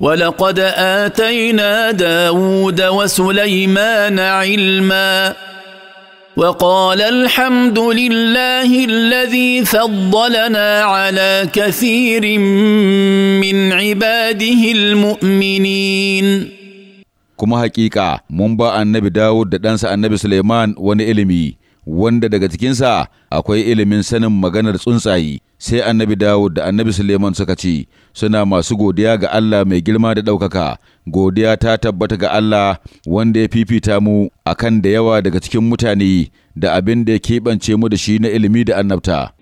ولقد اتينا داود وسليمان علما وقال الحمد لله الذي فضلنا على كثير من عباده المؤمنين كما حقيقة منبع النبي داود دانسا النبي سليمان وني إلمي وند دقتكينسا أكوي إلمين سنم مغانر سنسى sai annabi Dawud da annabi Suleiman suka ce, Suna masu godiya ga Allah mai girma da ɗaukaka, godiya ta tabbata ga Allah wanda ya fifita mu akan da yawa daga cikin mutane da abin da ya keɓance mu da shi na ilimi da annabta.